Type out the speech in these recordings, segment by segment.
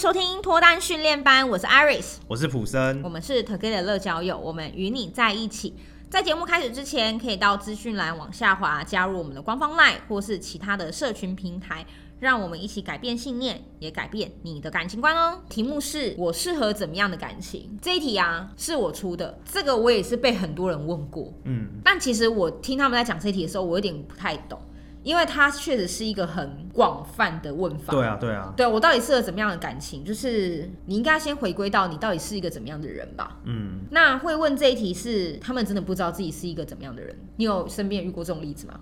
收聽脫單訓練班，我是 Iris，我是普森，我們是 Together 樂交友，我們與你在一起。在節目開始之前，可以到資訊欄往下滑，加入我們的官方 LINE 或是其他的社群平台，讓我們一起改變信念，也改變你的感情觀哦。題目是“我適合怎麼樣的感情”這一題啊，是我出的，這個我也是被很多人問過，嗯，但其實我聽他們在講這一題的時候，我有點不太懂。因為他確實是一個很廣泛的問法，對啊，對啊，對啊，對啊，我到底適合怎麼樣的感情？就是你應該先回歸到你到底是一個怎麼樣的人吧。嗯，那會問這一題是他們真的不知道自己是一個怎麼樣的人？你有身邊遇過這種例子嗎？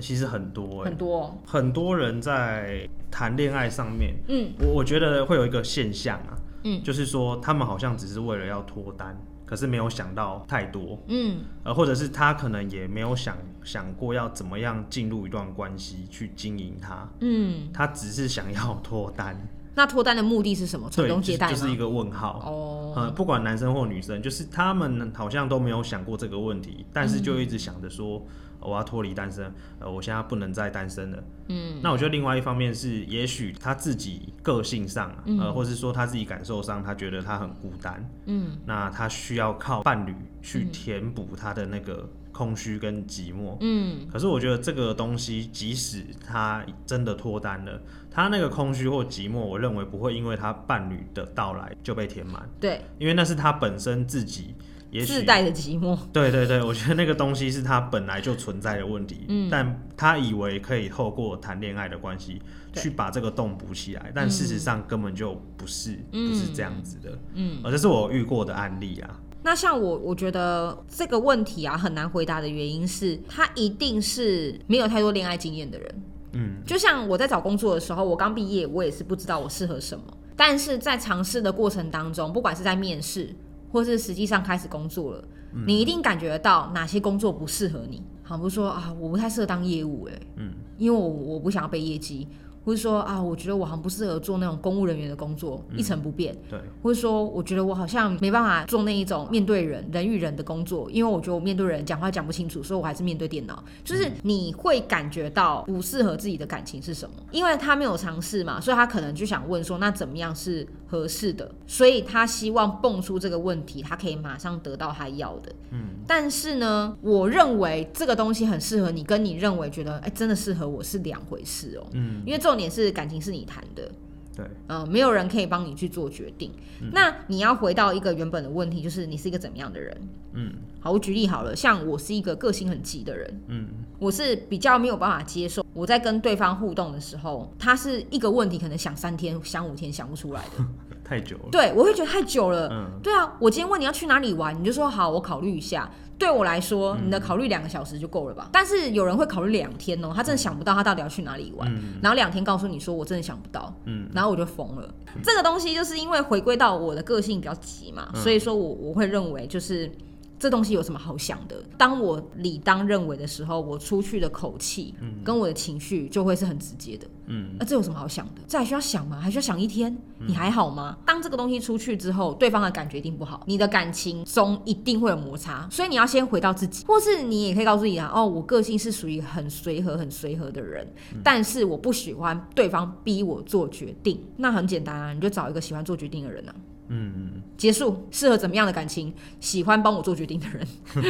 其實很多、欸、很多、哦、很多人在談戀愛上面，嗯，我我覺得會有一個現象啊，嗯，就是說他們好像只是為了要脫單。可是沒有想到太多，嗯，或者是他可能也沒有想想過要怎麼樣進入一段關係去經營他，嗯，他只是想要脫單。那脫單的目的是什麼？傳宗接代嗎？對、就是，就是一個問號。哦、oh. 嗯，不管男生或女生，就是他們好像都沒有想過這個問題，但是就一直想着說、嗯哦、我要脫離單身、呃，我現在不能再單身了。嗯，那我覺得另外一方面是，也許他自己個性上，呃、或者是說他自己感受上，他覺得他很孤單。嗯，那他需要靠伴侶去填補他的那個。空虛跟寂寞，嗯，可是我覺得這個東西，即使他真的脫單了，他那個空虛或寂寞，我認為不會因為他伴侶的到來就被填滿，對，因為那是他本身自己也，也許自帶的寂寞，對對對，我覺得那個東西是他本來就存在的問題，嗯，但他以為可以透過談戀愛的關係去把這個洞補起來，對但事實上根本就不是，嗯，不是這樣子的，嗯，而這是我遇過的案例啊。那像我，我覺得這個問題啊很難回答的原因是，他一定是沒有太多戀愛經驗的人。嗯，就像我在找工作的時候，我剛畢業，我也是不知道我適合什麼。但是在嘗試的過程當中，不管是在面試，或是實際上開始工作了，你一定感覺得到哪些工作不適合你。好比說啊，我不太適合當業務，誒。嗯，因為我我不想要背業績。或是說啊，我覺得我好像不適合做那種公務人員的工作，嗯、一成不變。對。或是說，我覺得我好像沒辦法做那一種面對人人與人的工作，因為我覺得我面對人講話講不清楚，所以我還是面對電腦。就是你會感覺到不適合自己的感情是什麼？嗯、因為他沒有嘗試嘛，所以他可能就想問說，那怎麼樣是合適的？所以他希望蹦出這個問題，他可以馬上得到他要的。嗯。但是呢，我認為這個東西很適合你，跟你認為覺得哎、欸，真的適合我是兩回事哦、喔。嗯。因為這。重點是感情是你談的，對，嗯、呃，沒有人可以幫你去做決定。嗯、那你要回到一個原本的問題，就是你是一個怎麼樣的人？嗯，好，我舉例好了，像我是一個個性很急的人，嗯，我是比較沒有辦法接受我在跟對方互動的時候，他是一個問題可能想三天、想五天想不出來的。 太久了，對，我會覺得太久了。嗯、對啊，我今天問你要去哪裡玩，你就說好，我考慮一下。對我來說，你的考慮兩個小時就夠了吧？嗯、但是有人會考慮兩天哦、喔，他真的想不到他到底要去哪裡玩，嗯、然後兩天告訴你說我真的想不到，嗯，然後我就瘋了。嗯、這個東西就是因為回歸到我的個性比較急嘛，所以說我我會認為就是。這東西有什麼好想的？當我理當認為的時候，我出去的口氣，跟我的情緒就會是很直接的。嗯，那、啊、這有什麼好想的？這還需要想嗎？還需要想一天？嗯、你還好嗎？當這個東西出去之後，對方的感覺一定不好，你的感情中一定會有摩擦。所以你要先回到自己，或是你也可以告訴你啊，哦，我個性是屬於很隨和、很隨和的人，但是我不喜歡對方逼我做決定。那很簡單啊，你就找一個喜歡做決定的人啊。嗯，嗯，結束適合怎麼樣的感情？喜歡幫我做決定的人，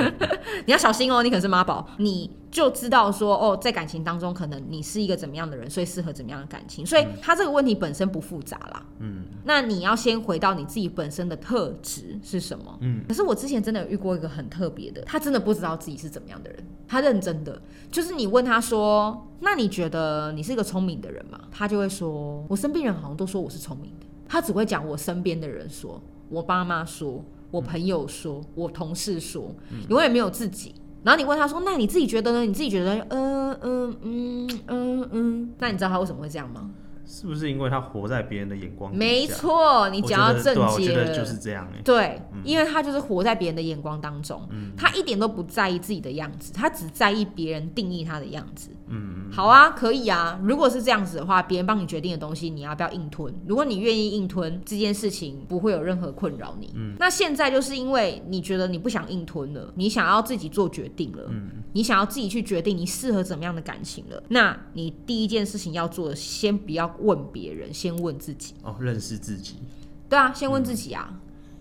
你要小心哦、喔，你可是媽寶，你就知道說哦，在感情當中，可能你是一個怎麼樣的人，所以適合怎麼樣的感情？所以、嗯、他這個問題本身不複雜啦。嗯，嗯，那你要先回到你自己本身的特質是什麼？嗯，嗯，可是我之前真的有遇過一個很特別的，他真的不知道自己是怎麼樣的人，他認真的，就是你問他說，那你覺得你是一個聰明的人嗎？他就會說，我身邊人好像都說我是聰明。他只會講我身邊的人說，我爸媽說，我朋友說，嗯、我同事說，永遠、嗯、沒有自己。然後你問他說：“那你自己覺得呢？你自己覺得……嗯嗯嗯嗯嗯。嗯嗯”那你知道他為什麼會這樣嗎？是不是因為他活在別人的眼光？沒錯，你講要正解我，對啊，我覺得就是這樣，欸。對，嗯、因為他就是活在別人的眼光當中，嗯、他一點都不在意自己的樣子，他只在意別人定義他的樣子。嗯，好啊，可以啊。如果是這樣子的話，別人幫你決定的東西，你要不要硬吞？如果你願意硬吞，這件事情不會有任何困擾你。嗯、那現在就是因為你覺得你不想硬吞了，你想要自己做決定了。嗯、你想要自己去決定你適合怎麼樣的感情了。那你第一件事情要做的，先不要。問別人，先問自己哦，認識自己，對啊，先問自己啊，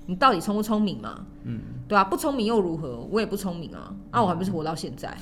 你到底聰不聰明嘛？嗯，對啊，不聰明又如何？我也不聰明啊，那我還不是活到現在？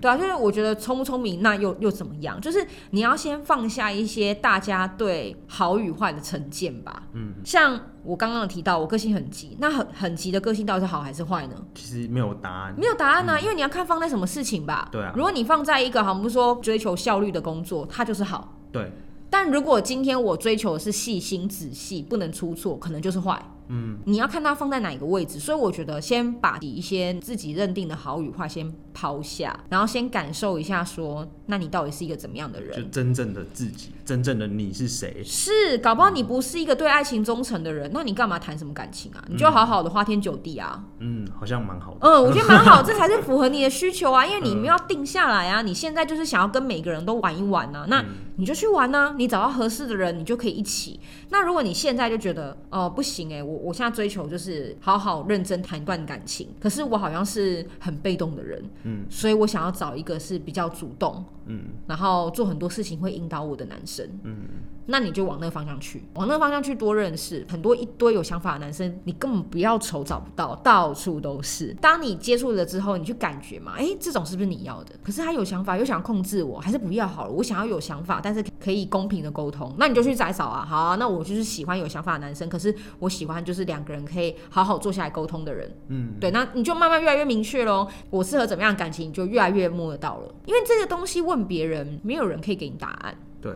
對啊，就是我覺得聰不聰明那又又怎麼樣？就是你要先放下一些大家對好與壞的成見吧。嗯，像我剛剛提到，我個性很急，那很很急的個性到底是好還是壞呢？其實沒有答案，沒有答案呢，因為你要看放在什麼事情吧。對啊，如果你放在一個，好像不是說追求效率的工作，它就是好。對。但如果今天我追求的是細心仔細，不能出錯，可能就是壞。嗯，你要看它放在哪一個位置，所以我覺得先把底一些自己認定的好與壞先。拋下，然後先感受一下說，說那你到底是一個怎麼樣的人？就真正的自己，真正的你是誰？是搞不好你不是一個對愛情忠誠的人，嗯、那你幹嘛談什麼感情啊？你就好好的花天酒地啊！嗯，好像蠻好的。嗯，我覺得蠻好， 這才是符合你的需求啊，因為你沒有定下來啊，你現在就是想要跟每個人都玩一玩啊，那你就去玩吶，啊。嗯、你找到合適的人，你就可以一起。那如果你現在就覺得哦，呃、不行哎，欸，我我現在追求就是好好認真談一段感情，可是我好像是很被動的人。嗯，所以我想要找一個是比較主動，嗯，然後做很多事情會引導我的男生。嗯。那你就往那個方向去，往那個方向去多認識很多一堆有想法的男生，你根本不要愁找不到，到處都是。當你接觸了之後，你去感覺嘛，哎、欸，這種是不是你要的？可是他有想法又想控制我，還是不要好了。我想要有想法，但是可以公平的溝通，那你就去再找啊。好啊，那我就是喜歡有想法的男生，可是我喜歡就是兩個人可以好好坐下來溝通的人。嗯，對，那你就慢慢越來越明確咯。我適合怎麼樣的感情你就越來越摸得到了，因為這個東西問別人，沒有人可以給你答案。對。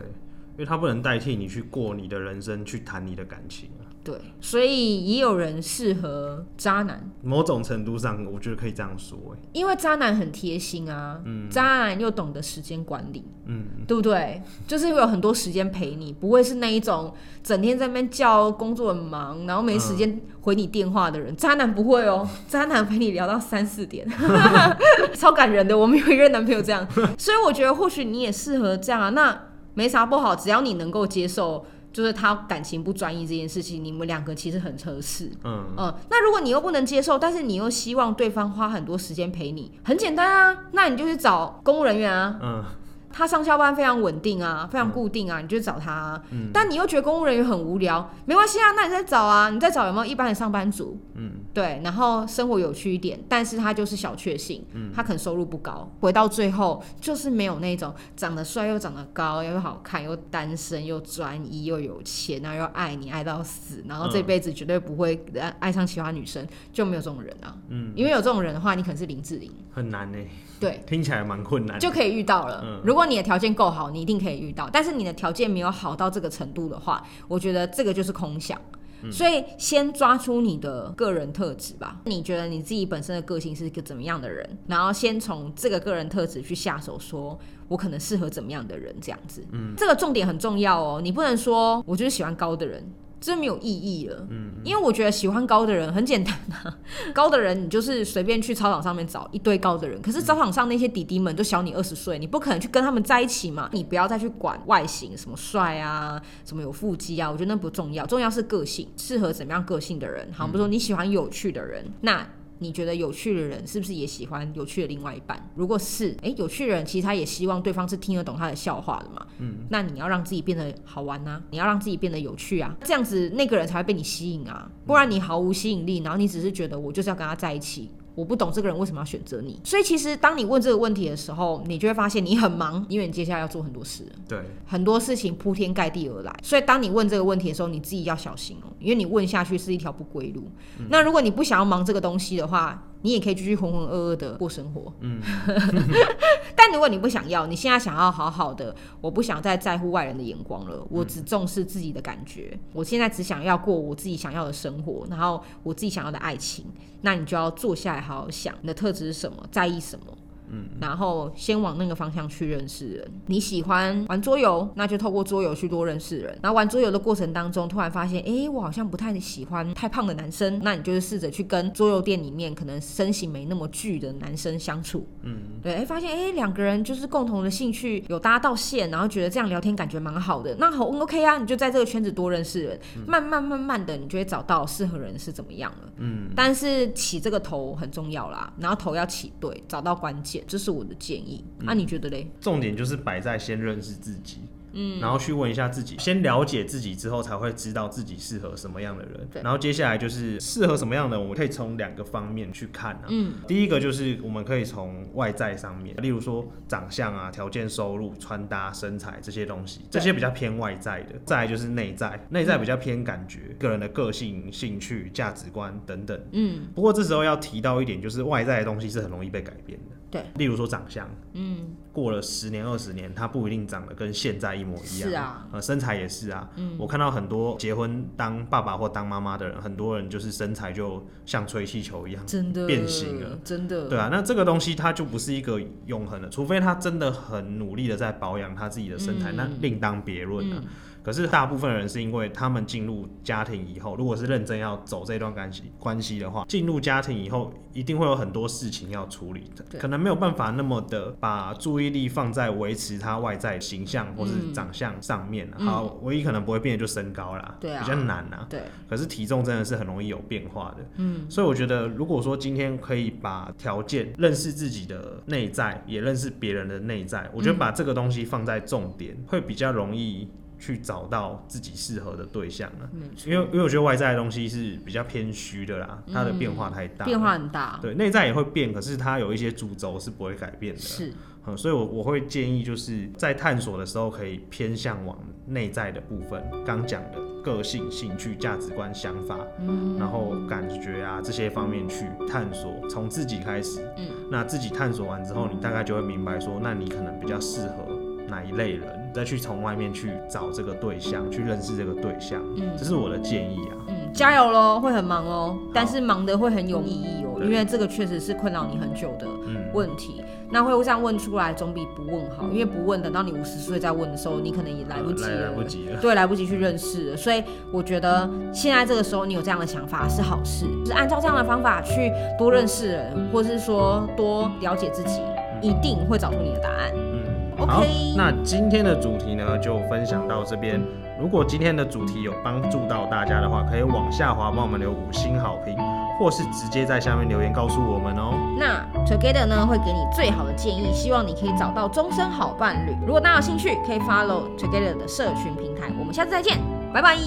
因為他不能代替你去過你的人生，去談你的感情啊。對，所以也有人適合渣男。某種程度上，我覺得可以這樣說，欸，因為渣男很貼心啊，嗯，渣男又懂得時間管理，嗯，對不對？就是因為有很多時間陪你，不會是那一種整天在那邊叫工作很忙，然後沒時間回你電話的人。嗯、渣男不會哦、喔，渣男陪你聊到三四點， 超感人的。我們有一任男朋友這樣， 所以我覺得或許你也適合這樣啊。那。沒啥不好，只要你能夠接受，就是他感情不專一這件事情，你們兩個其實很合適。嗯嗯，那如果你又不能接受，但是你又希望對方花很多時間陪你，很簡單啊，那你就去找公務人員啊。嗯。他上下班非常穩定啊，非常固定啊，嗯、你就找他啊。嗯。但你又覺得公務人員很無聊，沒關係啊，那你再找啊，你再找有沒有一般的上班族？嗯。對，然後生活有趣一點，但是他就是小確幸。嗯。他可能收入不高，回到最後就是沒有那種長得帥又長得高又好看又單身又專一又有錢，然後又愛你愛到死，然後這輩子絕對不會愛上其他女生，就沒有這種人啊。嗯。因為有這種人的話，你可能是林志玲。很難呢、欸。對。聽起來蠻困難。就可以遇到了。嗯。如果如果你的條件夠好，你一定可以遇到。但是你的條件沒有好到這個程度的話，我覺得這個就是空想。嗯，所以先抓出你的個人特質吧。你覺得你自己本身的個性是一個怎麼樣的人？然後先從這個個人特質去下手，說我可能適合怎麼樣的人這樣子。嗯，這個重點很重要哦。你不能說我就是喜歡高的人。真沒有意義了，嗯，嗯，因為我覺得喜歡高的人很簡單啊，高的人你就是隨便去操場上面找一堆高的人，可是操場上那些弟弟們都小你二十歲，嗯、你不可能去跟他們在一起嘛。你不要再去管外形什麼帥啊，什麼有腹肌啊，我覺得那不重要，重要是個性，適合怎麼樣個性的人。好，比如說你喜歡有趣的人，嗯、那。你覺得有趣的人是不是也喜歡有趣的另外一半？如果是，哎、欸，有趣的人其實他也希望對方是聽得懂他的笑話的嘛。嗯，那你要讓自己變得好玩啊，你要讓自己變得有趣啊，這樣子那個人才會被你吸引啊。不然你毫無吸引力，然後你只是覺得我就是要跟他在一起。我不懂這個人為什麼要選擇你，所以其實當你問這個問題的時候，你就會發現你很忙，因為你接下來要做很多事，對，很多事情鋪天蓋地而來。所以當你問這個問題的時候，你自己要小心哦、喔，因為你問下去是一條不歸路。嗯、那如果你不想要忙這個東西的話，你也可以繼續渾渾噩噩的過生活，嗯， 但如果你不想要，你現在想要好好的，我不想再在乎外人的眼光了，我只重視自己的感覺，嗯、我現在只想要過我自己想要的生活，然後我自己想要的愛情，那你就要坐下來好好想，你的特質是什麼，在意什麼？嗯，然後先往那個方向去認識人。你喜歡玩桌遊，那就透過桌遊去多認識人。然後玩桌遊的過程當中，突然發現，哎，我好像不太喜歡太胖的男生。那你就是試着去跟桌遊店裡面可能身形沒那麼巨的男生相處。嗯，對，哎，發現，哎，兩個人就是共同的興趣有搭到線，然後覺得這樣聊天感覺蠻好的。那好，嗯，OK 啊，你就在這個圈子多認識人，慢慢慢慢的，你就會找到適合人是怎麼樣了。嗯，但是起這個頭很重要啦，然後頭要起對，找到關鍵。這是我的建議，那你覺得嘞？重點就是擺在先認識自己，嗯，然後去問一下自己，先了解自己之後，才會知道自己適合什麼樣的人。對然後接下來就是適合什麼樣的，我們可以從兩個方面去看啊。嗯，第一個就是我們可以從外在上面，嗯、例如說長相啊、條件、收入、穿搭、身材這些東西，這些比較偏外在的。對再來就是內在，內在比較偏感覺，嗯、個人的個性、興趣、價值觀等等。嗯，不過這時候要提到一點，就是外在的東西是很容易被改變的。例如說長相，嗯，過了十年二十年，他不一定長得跟現在一模一樣。是啊、呃，身材也是啊。嗯，我看到很多結婚當爸爸或當媽媽的人，很多人就是身材就像吹氣球一樣，真的變形了，真的。對啊，那這個東西它就不是一個永恆的，除非他真的很努力的在保養他自己的身材，嗯、那另當別論了。嗯可是，大部分人是因為他們進入家庭以後，如果是認真要走這段關係關係的話，進入家庭以後一定會有很多事情要處理的，對可能沒有辦法那麼的把注意力放在維持他外在形象或是長相上面，嗯、好，唯一可能不會變的就身高啦，嗯、比較難啦啊。對，可是體重真的是很容易有變化的。嗯，所以我覺得，如果說今天可以把條件、認識自己的內在，也認識別人的內在，我覺得把這個東西放在重點，嗯、會比較容易。去找到自己適合的對象了，因為因為我覺得外在的東西是比較偏虛的啦，嗯、它的變化太大，變化很大，對，內在也會變，可是它有一些主軸是不會改變的，是、嗯，所以我，我我會建議就是在探索的時候可以偏向往內在的部分，剛講的個性、興趣、價值觀、想法，嗯、然後感覺啊這些方面去探索，從自己開始，嗯、那自己探索完之後，你大概就會明白說，嗯、那你可能比較適合哪一類人。再去從外面去找這個對象，去認識這個對象，嗯，這是我的建議啊，嗯，加油咯，會很忙哦，好但是忙的會很有意義哦、喔，對因為這個確實是困擾你很久的問題。嗯嗯那會不會這樣問出來，總比不問好，因為不問，等到你五十歲再問的時候，你可能也來不及了。呃、來，來不及了。對，來不及去認識了。嗯、所以我覺得現在這個時候你有這樣的想法是好事，就是按照這樣的方法去多認識人，嗯、或是說多了解自己，嗯、一定會找出你的答案。嗯，OK，好，那今天的主題呢，就分享到這邊。如果今天的主題有幫助到大家的話，可以往下滑幫我們留五星好評，或是直接在下面留言告訴我們哦、喔。那 Together 呢會給你最好的建議，希望你可以找到終身好伴侶。如果大家有興趣，可以 follow Together 的社群平台。我們下次再見，拜拜。